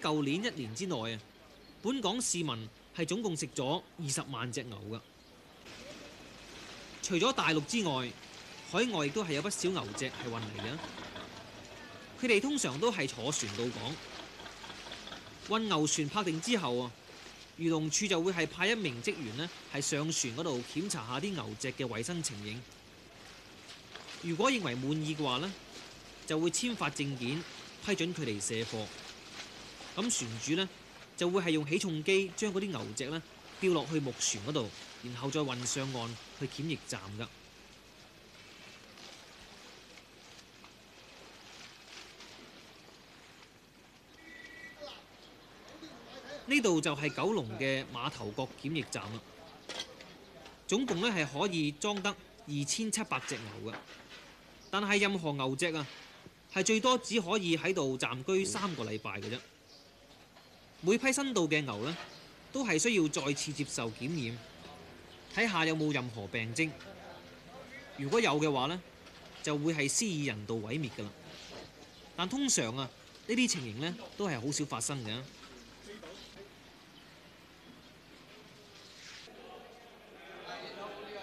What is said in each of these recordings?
舊年一年之內啊，本港市民係總共食咗二十萬隻牛噶。除咗大陸之外，海外亦都係有不少牛隻係運嚟噶。佢哋通常都係坐船到港，運牛船泊定之後啊，漁農處就會係派一名職員咧，係上船嗰度檢查下啲牛隻嘅衛生情形。如果認為滿意嘅話呢，就會簽發證件批准佢哋卸貨。咁船主呢，就會係用起重機將嗰啲牛隻呢，吊落去木船嗰度，然後再運上岸去檢疫站㗎。呢度就係九龍嘅馬頭角檢疫站啦，總共呢係可以裝得二千七百隻牛嘅，但係任何牛隻啊係最多只可以喺度暫居三個禮拜嘅啫。每批新到嘅牛呢，都係需要再次接受檢驗，睇下有冇任何病徵。如果有嘅話呢，就會係施以人道毀滅噶啦。但通常啊，呢啲情形呢，都係好少發生嘅。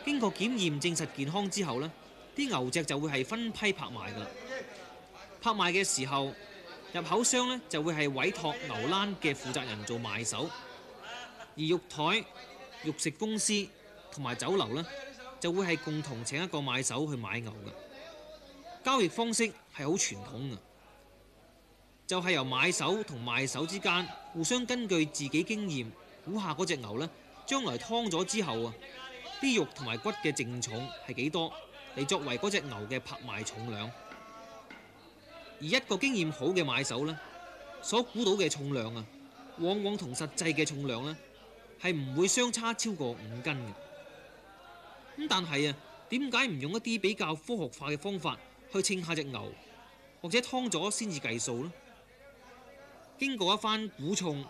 經過檢驗證實健康之後呢，啲牛隻就會係分批拍賣噶啦。拍賣嘅時候，入口商咧就會係委託牛欄嘅負責人做賣手，而肉台、肉食公司同埋酒樓咧就會係共同請一個賣手去買牛嘅。交易方式係好傳統嘅，就係由買手同賣手之間互相根據自己經驗估下嗰隻牛咧，將來劏咗之後啊，啲肉同埋骨嘅淨重係幾多嚟，作為嗰隻牛嘅拍賣重量。而一個經驗好嘅買手呢，所估到嘅重量啊，往往同實際嘅重量呢，係唔會相差超過五斤嘅。咁但係啊，點解唔用一啲比較科學化嘅方法去稱下隻牛，或者湯咗先至計數呢？經過一番估重、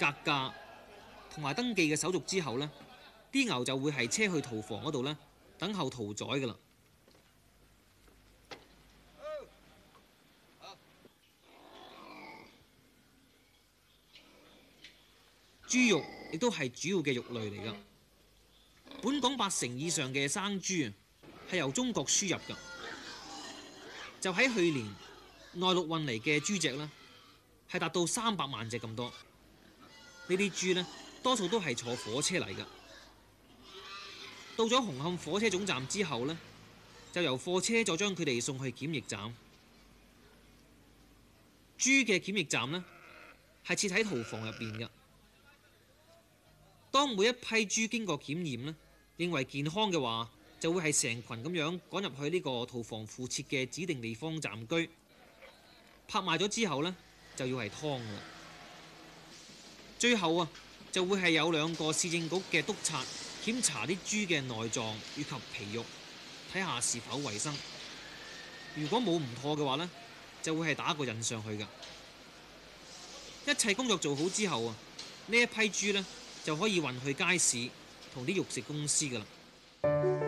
格價同埋登記嘅手續之後呢，啲牛就會係車去屠房嗰度呢，等候屠宰㗎喇。豬肉亦都係主要嘅肉類嚟㗎。本港八成以上嘅生豬啊，係由中國輸入㗎。就喺去年，內陸運嚟嘅豬隻呢，係達到三百萬隻咁多。呢啲豬呢，多數都係坐火車嚟㗎。到咗紅磡火車總站之後呢，就由貨車再將佢哋送去檢疫站。豬嘅檢疫站呢，係設喺屠房入邊㗎。當每一批豬經過檢驗呢，認為健康嘅話，就會係成群咁樣趕入去呢個屠房附設嘅指定地方暫居。拍賣咗之後呢，就要係湯啦。最後啊，就會係有兩個市政局嘅督察檢查啲豬嘅內臟以及皮肉，睇下是否衞生。如果冇唔妥嘅話呢，就會係打個印上去㗎。一切工作做好之後啊，呢一批豬呢。就可以運去街市同啲肉食公司㗎啦。